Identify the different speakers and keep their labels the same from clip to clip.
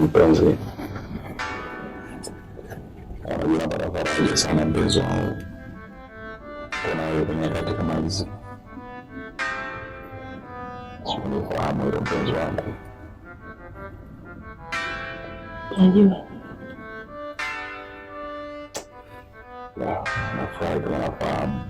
Speaker 1: mpenzi, unajua napata faraja sana mpenzi wangu kunawe kwenye nyakati kama hizi, siulifahamu mpenzi wangu. Najua nafurahi kama nafahamu,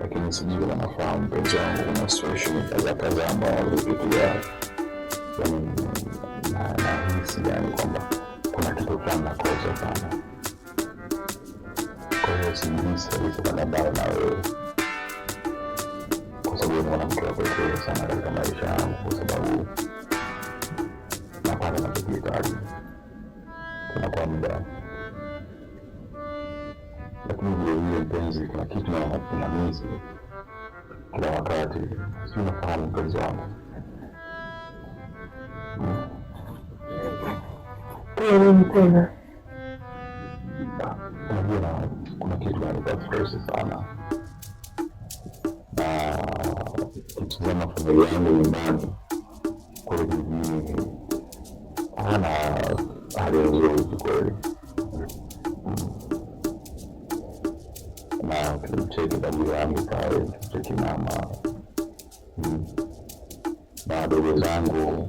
Speaker 1: lakini sijui kama nafahamu mpenzi wangu, kuna situation kadhaa kadhaa ambayo nilipitia yaani, jinsi gani kwamba kuna kitu fulani nakosa sana. Kwa hiyo sijinsi alizokwenda mbali na wewe, kwa sababu mwanamke wa pekee sana katika maisha yangu, kwa sababu napata nachokihitaji kwa muda lakini vilevile mpenzi, kuna kitu na misi kila wakati, si unafahamu mpenzi wangu
Speaker 2: Niambie nini tena?
Speaker 1: Unajua kuna kitu alikafurahisha sana na kitizama familia yangu nyumbani kweli, ana hali nzuri kweli, na kimcheki dada yangu pale, kimcheki mama hmm. na dogo zangu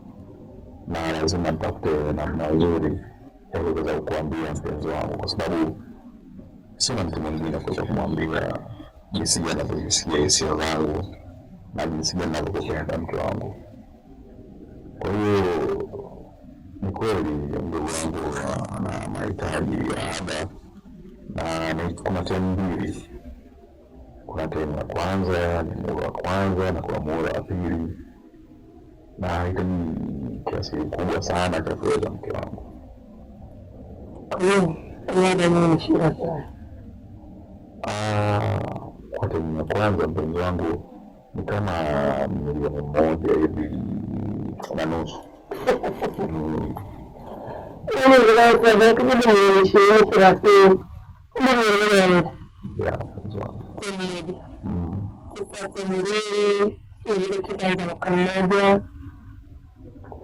Speaker 1: na lazima nitafute namna nzuri ya kuweza kukuambia mpenzi wangu, kwa sababu sina mtu mwingine kuweza kumwambia jinsi gani anavyojisikia hisia zangu na jinsi gani navyokupenda mke wangu. Kwa hiyo ni kweli mdogo wangu ana mahitaji ya ada, na kuna temu mbili, kuna temu ya kwanza, ni muhula wa kwanza na kuna muhula wa pili na itabidi kiasi kikubwa sana cha kuweza mke wangu. Shida kwa temu ya kwanza, mpenzi wangu, ni kama milioni moja hivi na nusu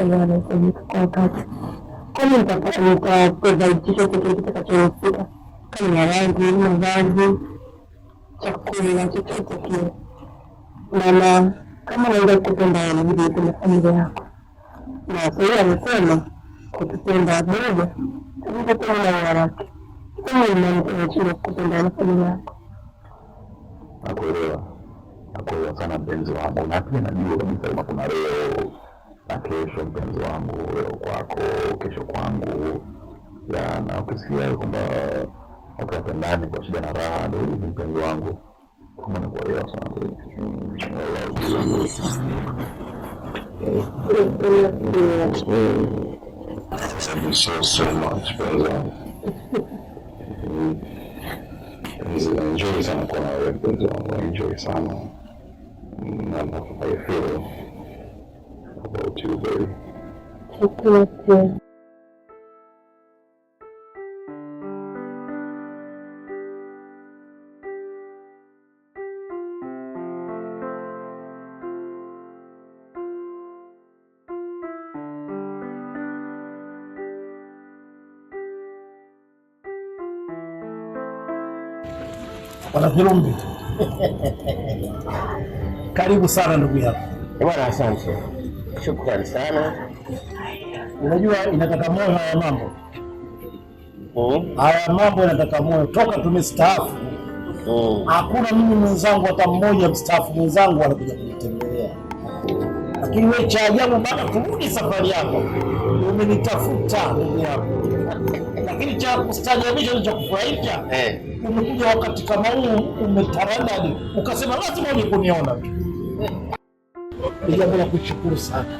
Speaker 2: anahitajika kwa wakati. Kama chochote kitakachohusika kama ni rangi, mavazi, chakula, chochote kile, maana kama naenda kupenda inabidi upende familia yako, na Swahili amesema kutupenda Bwana avikupenda wanawake. Kama imani kwenye chini familia yako,
Speaker 1: nakuelewa kuoa sana mpenzi wangu, na pia najua kabisa kama kuna leo na kesho, mpenzi wangu, leo kwako, kesho kwangu, ya na ukisikia kwamba wakapendani kwa shida na raha, ndio mpenzi wangu, kama ni kuolewa sana So, so much, mpenzi wangu. Enjoy sana kwa wewe mpenzi wangu, enjoy sana. 妈妈，还有二天。太
Speaker 2: 客气了。
Speaker 3: 阿拉兄弟。Karibu sana ndugu yangu.
Speaker 4: Eh, bwana, asante, shukrani sana.
Speaker 3: Unajua inataka moyo haya mambo Oh. haya mambo inataka moyo, toka tumestaafu hmm. hakuna mimi mwenzangu hata mmoja mstaafu mwenzangu anakuja kunitembelea lakini wewe cha ajabu, baada kurudi safari yako umenitafuta ndugu yangu, lakini cha ni cha kufurahisha eh umekuja wakati kama huu, umetaradadi ukasema lazima uje kuniona tu. Ni jambo la kushukuru sana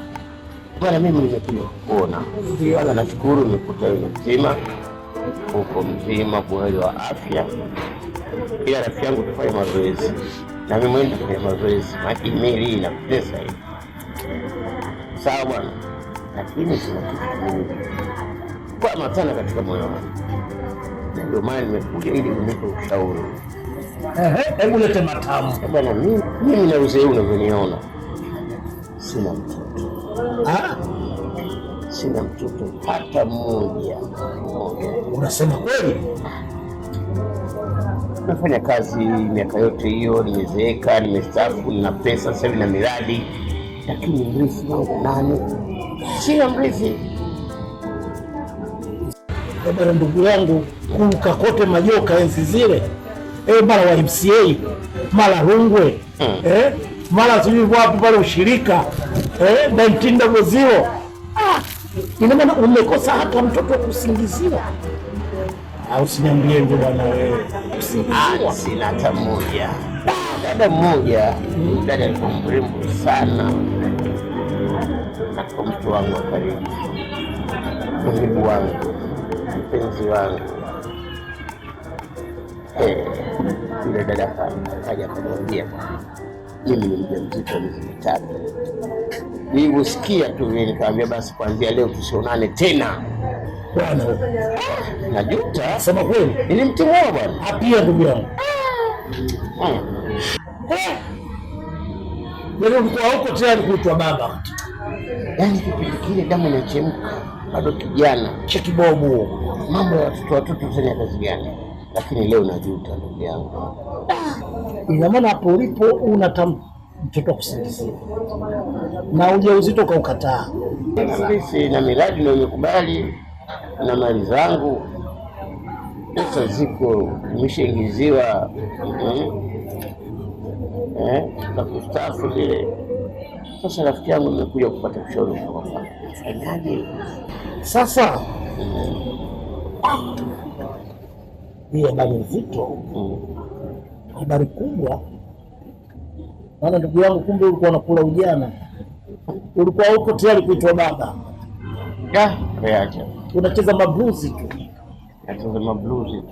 Speaker 3: bwana. Mimi nimekuja
Speaker 4: kuona bwana, nashukuru nimekuta wewe mzima, uko mzima, buheri wa afya. Ila rafiki yangu, tufanye mazoezi na mimi mwenda kwenye mazoezi, maji mili inakutesa hii, Sawa bwana, lakini sina kitu kingine sana katika moyo wangu ndio maana nimekuja ili unipe ushauri.
Speaker 3: Hebu lete matamu eh bwana. Mimi na uzee unavyoniona, sina mtoto, sina mtoto hata mmoja. Unasema kweli? Nafanya kazi miaka yote hiyo, nimezeeka, nimestaafu, nina pesa sasa hivi na miradi, lakini mrithi wangu nani? Sina mrithi bwana, ndugu yangu, kuruka kote majoka enzi zile eh, mara wa MCA mara Rungwe mm. eh, mara sijui wapi pale ushirika eh, naitinda mwezio ah, ina maana umekosa hata mtoto wa kusingiziwa. Usiniambie ndio bwana wewe, kusingiziwa ah, sina hata moja. Dada mmoja dada alikuwa mrembo sana, mtu wangu wa karibu, muhibu wangu mpenzi wangu. Eh, yule dada kaja kuniambia mimi ni mjamzito miezi mitatu. Nilivyosikia tu vile nikamwambia, basi kuanzia leo tusionane tena. Bwana ah, najuta, sema kweli, nilimtimua bwana. Apia ah, ndugu yangu huko ah. eh. eh. yaani tayari kuitwa baba, yaani kipindi kile damu inachemka bado kijana cha kibovu, mambo ya watoto watoto tena kazi gani? Lakini leo najuta ndugu yangu, ah, ina maana hapo ulipo unatam mtoto kusingizia na ujauzito ukaukataa. Sisi na miradi na umekubali na mali zangu pesa ziko nimeshaingiziwa na hmm? eh, kustaafu vile. Sasa rafiki yangu nimekuja kupata ushauri, fanyaje? Sasa hii habari nzito, habari kubwa. Maana ndugu yangu, kumbe ulikuwa unakula ujana, ulikuwa huko tayari kuitwa baba, unacheza mabluzi tu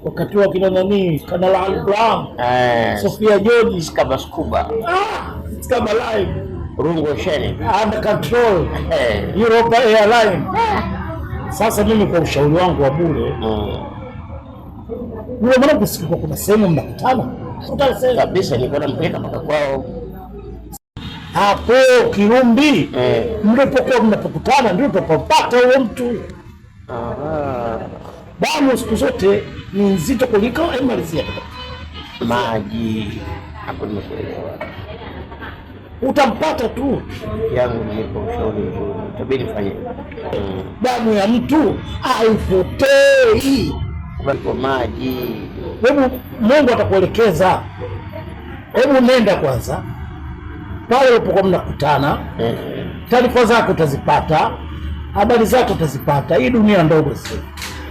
Speaker 3: wakati wa kina nani, Kanala Albraam, eh, Sofia George, Skaba Skuba, ah, Skaba Live, Rungo Sheni, Under Control, eh. Europa Airline sasa mimi kwa ushauri wangu wa bure yule ah. mwana kusikika, kuna sehemu mnakutana kabisa, nilikuwa nampeleka mpaka kwao hapo Kirumbi, eh. mlipokuwa mnapokutana ndio tutapata huyo mtu. Damu siku zote ni nzito kuliko malizia maji hapo, nimekuelewa utampata tu. yangu nipo ushauri mzuri, itabidi fanye mm. Damu ya mtu haipotei kwa maji. Hebu Mungu atakuelekeza. Hebu nenda kwanza pale ulipokuwa mnakutana, eh. taarifa zako utazipata, habari zako utazipata. Hii dunia ndogo, si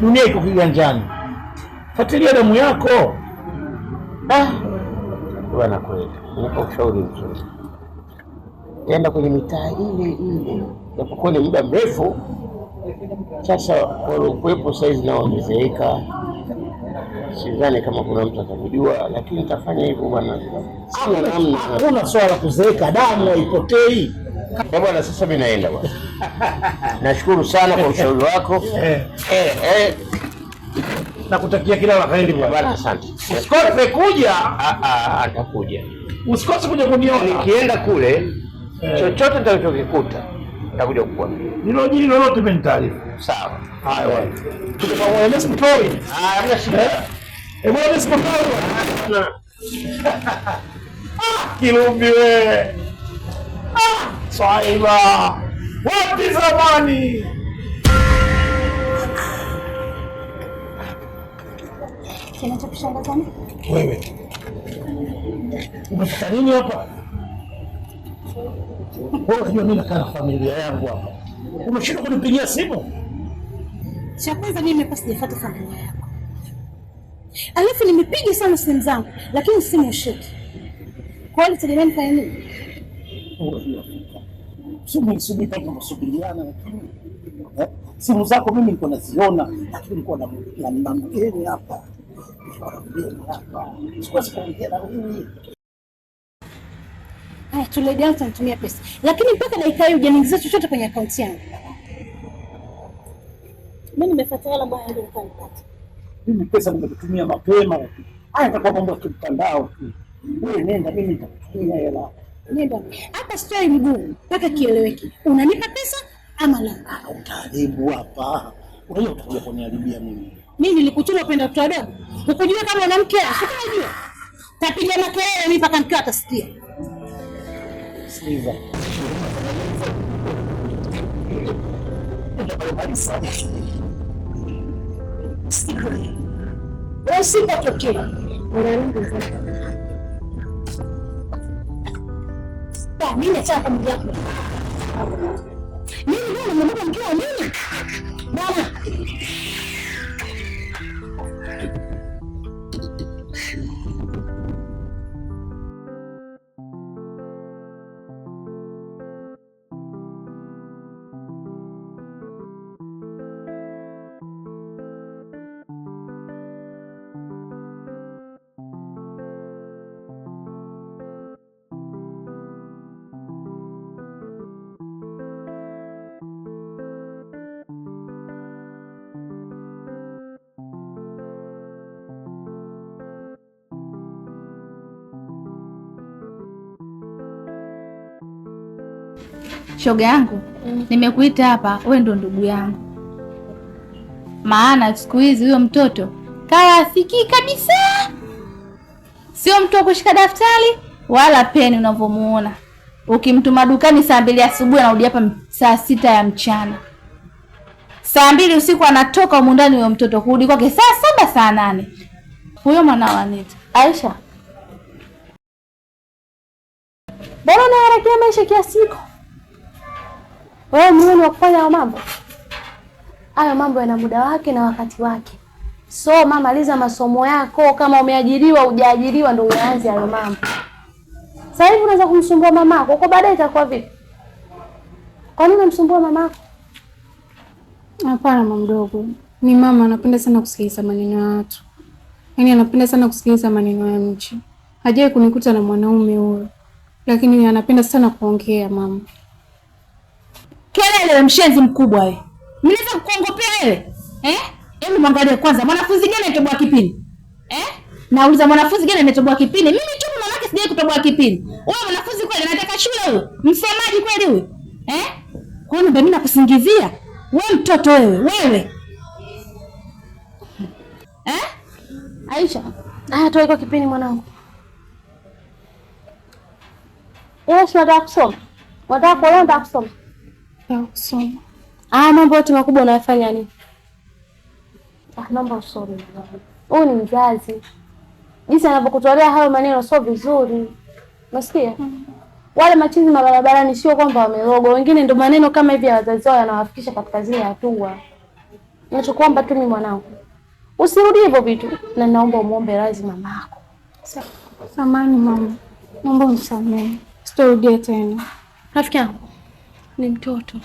Speaker 3: dunia iko kiganjani. Fuatilia damu yako. Ah, bwana, kweli nipo ushauri mzuri Nikaenda kwenye mitaa ile ile, japokuwa ni muda mrefu sasa. Waliokuwepo saizi nao wamezeeka, sidhani kama kuna mtu atakujua, lakini nitafanya hivyo bwana. Sina namna, hakuna swala la kuzeeka, damu haipotei eh, bwana. Sasa mimi naenda bwana. Nashukuru sana kwa ushauri wako eh, eh. eh. Nakutakia kila la heri bwana, asante. Usikose kuja, ah, ah, ah, atakuja. Usikose kuja kuniona nikienda kule Eh. chochote nitakachokikuta nitakuja kukuambia. jini lolote mimi nitaarifu. Sawa. Haya bwana. Tuko pamoja na sipoi. Haya shida. Eh, bwana sipoi. Ah, Kilumbi wewe. Ah, Swaiba. Wapi zamani? Kinachokushangaza ni wewe. Umefanya nini hapa? Wewe unajua mimi nakaa na familia yangu hapa, umeshinda kunipigia simu. Cha kwanza mimi nimekuwa sijafuata familia yako, alafu nimepiga sana simu zangu, lakini simu yashiki. Kwa hiyo nitegemea nifanye nini? Simu isubiri kama msubiliana, lakini eh, simu zako mimi niko naziona, lakini niko na mgeni hapa, hapa. sikuwezi kuongea na wewe Haya, tu lady yangu tanitumia pesa, lakini mpaka dakika hii hujaniingizia chochote kwenye akaunti yangu. Mimi nimefuata wala ambayo ndio nikanipata. Mimi pesa nimekutumia mapema. Haya, itakuwa mambo ya kimtandao tu. Wewe nenda, mimi nitakutumia hela. Nenda. Hapa story mgumu mpaka kieleweke. Unanipa pesa ama la? Ah, utaharibu hapa. Unajua utakuja kuniharibia mimi. Mimi nilikutuma upenda kutoa dogo. Ukujua kama una mke, sikujua. Tapiga makelele mimi mpaka mkeo atasikia kusikiliza usipotokea mi nataka familia yako mimi ndio nimeona mkiwa nini bwana Shoga yangu mm. Nimekuita hapa, wewe ndo ndugu yangu, maana siku hizi huyo mtoto kaya asikii kabisa, sio mtu wa kushika daftari wala peni. Unavyomuona ukimtuma dukani saa mbili asubuhi anarudi hapa saa sita ya mchana, saa mbili usiku anatoka humu ndani huyo mtoto, kurudi kwake saa saba saa nane. Huyo mwana wa Anita Aisha, mbona unaharakisha maisha kiasi hiko? Wewe ni wa kufanya hayo mambo. Hayo mambo yana muda wake na wakati wake. Soma, maliza masomo yako, kama umeajiriwa hujaajiriwa, ndio uanze hayo mambo. Sasa hivi unaweza kumsumbua mamako, kwa baadaye itakuwa vipi? Kwa nini unamsumbua mamako? Hapana mama mdogo, ni mama anapenda sana kusikiliza maneno ya watu, yaani anapenda sana kusikiliza maneno ya mchi. Hajawahi kunikuta na mwanaume huyo, lakini anapenda sana kuongea mama. Kelele mshenzi mkubwa wewe. Mnaweza kukuongopea wewe? Eh? Hebu mwangalie kwanza mwanafunzi gani ametoboa kipini? Eh? Nauliza mwanafunzi gani ametoboa kipini? Mimi tu mwanamke sijawahi kutoboa kipini. Wewe mwanafunzi kweli anataka shule huyo? Msemaji kweli huyo? Eh? Kwa nini mimi nakusingizia? Wewe mtoto wewe, wewe. Eh? Aisha, haya toa iko kipini mwanangu. Yes, nataka kusoma. Nataka kuona kusoma ya Ah, mambo yote makubwa unayofanya nini? Ah, naomba usome. Huyu ni mzazi, jinsi anavyokutolea hayo maneno sio vizuri, unasikia? mm Wale machizi mabarabarani sio kwamba wameroga, wengine ndo maneno kama hivi ya wazazi wao yanawafikisha katika zile hatua. Nachokuomba tu mimi mwanangu, usirudi hivyo vitu, na naomba umuombe radhi mama Samahani mama, naomba unisamehe, sitarudia tena. Rafiki yangu ni mtoto.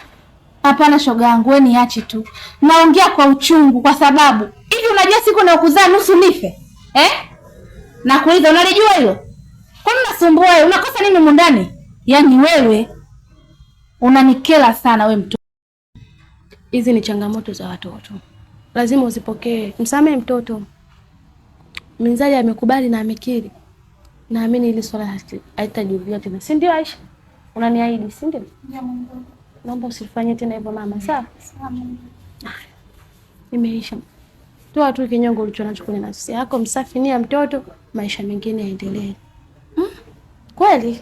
Speaker 3: Hapana shoga yangu, wewe niache tu, naongea kwa uchungu kwa sababu hivi, unajua siku na kuzaa nusu nife eh? Nakuuliza, unalijua hilo? Kwani unasumbua wewe, unakosa nini mundani ndani? Yaani wewe unanikela sana we mtoto. Hizi ni changamoto za watoto, lazima uzipokee. Msamehe mtoto. Mzazi amekubali na amekiri, naamini hili swala halitajirudia tena, si ndio Aisha? Unaniahidi, si ndio? Naomba usifanye tena hivyo mama, sawa? Ah, nimeisha. Toa tu kinyongo ulicho nacho kwenye nafsi yako, msafi ni ya mtoto, maisha mengine yaendelee. Hmm? Kweli?